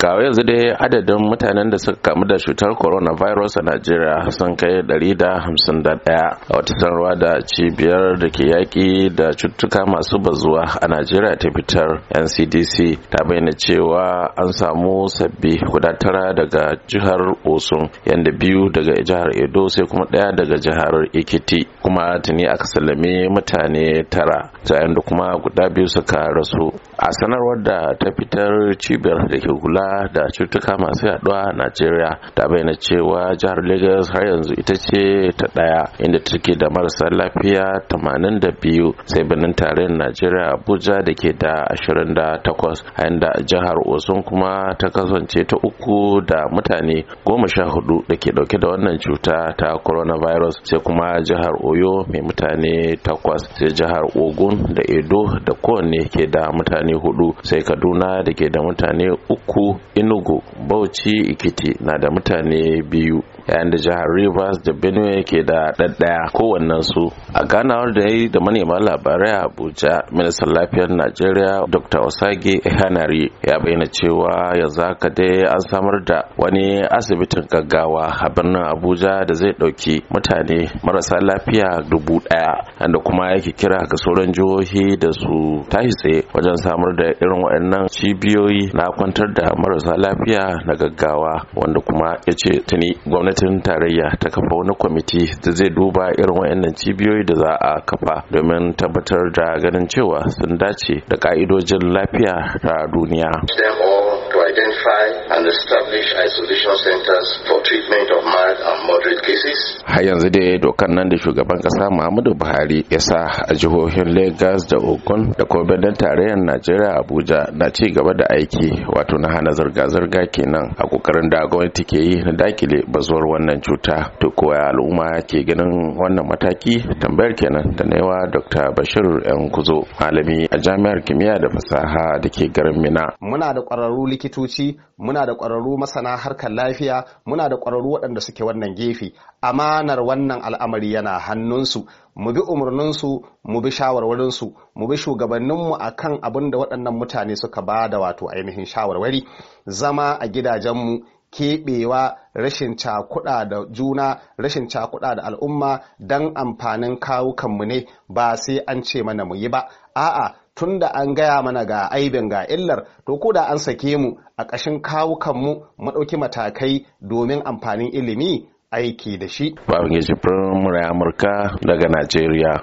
Kawai yanzu dai adadin mutanen da suka kamu da cutar coronavirus a najeriya sun kai 151 a wata sanarwa da cibiyar da ke yaƙi da cututtuka masu bazuwa a najeriya ta fitar ncdc ta bayyana cewa an samu sabbi guda tara daga jihar osun yadda biyu daga jihar edo sai kuma ɗaya daga jihar ekiti kuma tuni aka sallame mutane tara da kuma guda biyu suka rasu a sanarwar da ta fitar cibiyar da ke kula da cutuka masu yaduwa a najeriya ta bayyana cewa jihar lagos har yanzu ita ce ta daya inda take da marasa lafiya 82 sai birnin tarayyar najeriya abuja da ke da 28 a yanda jihar osun kuma ta kasance ta uku da mutane 14 da ke dauke da wannan cuta ta coronavirus sai kuma jihar oyo mai mutane takwas sai jihar ogun da edo da kowanne ke da mutane mutane hudu sai kaduna da ke da mutane uku inugu bauchi ikiti na da mutane biyu yayin da jihar rivers da benue ke da ɗaɗɗaya kowannen su a ganawar da ya yi da manema labarai a abuja ministan lafiyar najeriya dr osage hanari ya bayyana cewa yanzu haka dai an samar da wani asibitin gaggawa a birnin abuja da zai ɗauki mutane marasa lafiya dubu ɗaya kuma yake kira ga sauran jihohi da su tashi tsaye wajen samar da irin waɗannan cibiyoyi na kwantar da marasa lafiya na gaggawa wanda kuma ya ce tuni gwamnati gwamnatin tarayya ta kafa wani kwamiti da zai duba irin wayannan cibiyoyi da za a kafa domin tabbatar da ganin cewa sun dace da ka'idojin lafiya ta duniya to identify and establish isolation centers for treatment of mar har yanzu dai dokan nan da shugaban kasa muhammadu buhari ya sa a jihohin lagos da ogun da kuma tarayyar najeriya abuja na ci gaba da aiki wato na hana zirga-zirga kenan a kokarin da gwamnati ke yi na dakile bazuwar wannan cuta to koya al'umma ke ganin wannan mataki tambayar kenan da na yawa dr bashir yan kuzo malami a jami'ar kimiyya da fasaha da ke garin mina muna da kwararru likitoci muna da kwararru masana harkar lafiya muna da kwararru waɗanda suke wannan gefe amanar wannan al'amari yana hannunsu mu bi umarninsu mu bi shawarwarinsu mu bi shugabanninmu a kan abin da waɗannan mutane suka ba da wato ainihin shawarwari zama a gidajenmu keɓewa rashin cakuɗa da juna rashin cakuɗa da al'umma don amfanin kawukanmu ne ba sai an ce mana mu yi ba a'a tun da an gaya mana ga aibin ga illar to ko da an sake mu a ƙashin kawukanmu mu ɗauki matakai domin amfanin ilimi aiki da shi. Babangiji Firin Amurka daga Najeriya.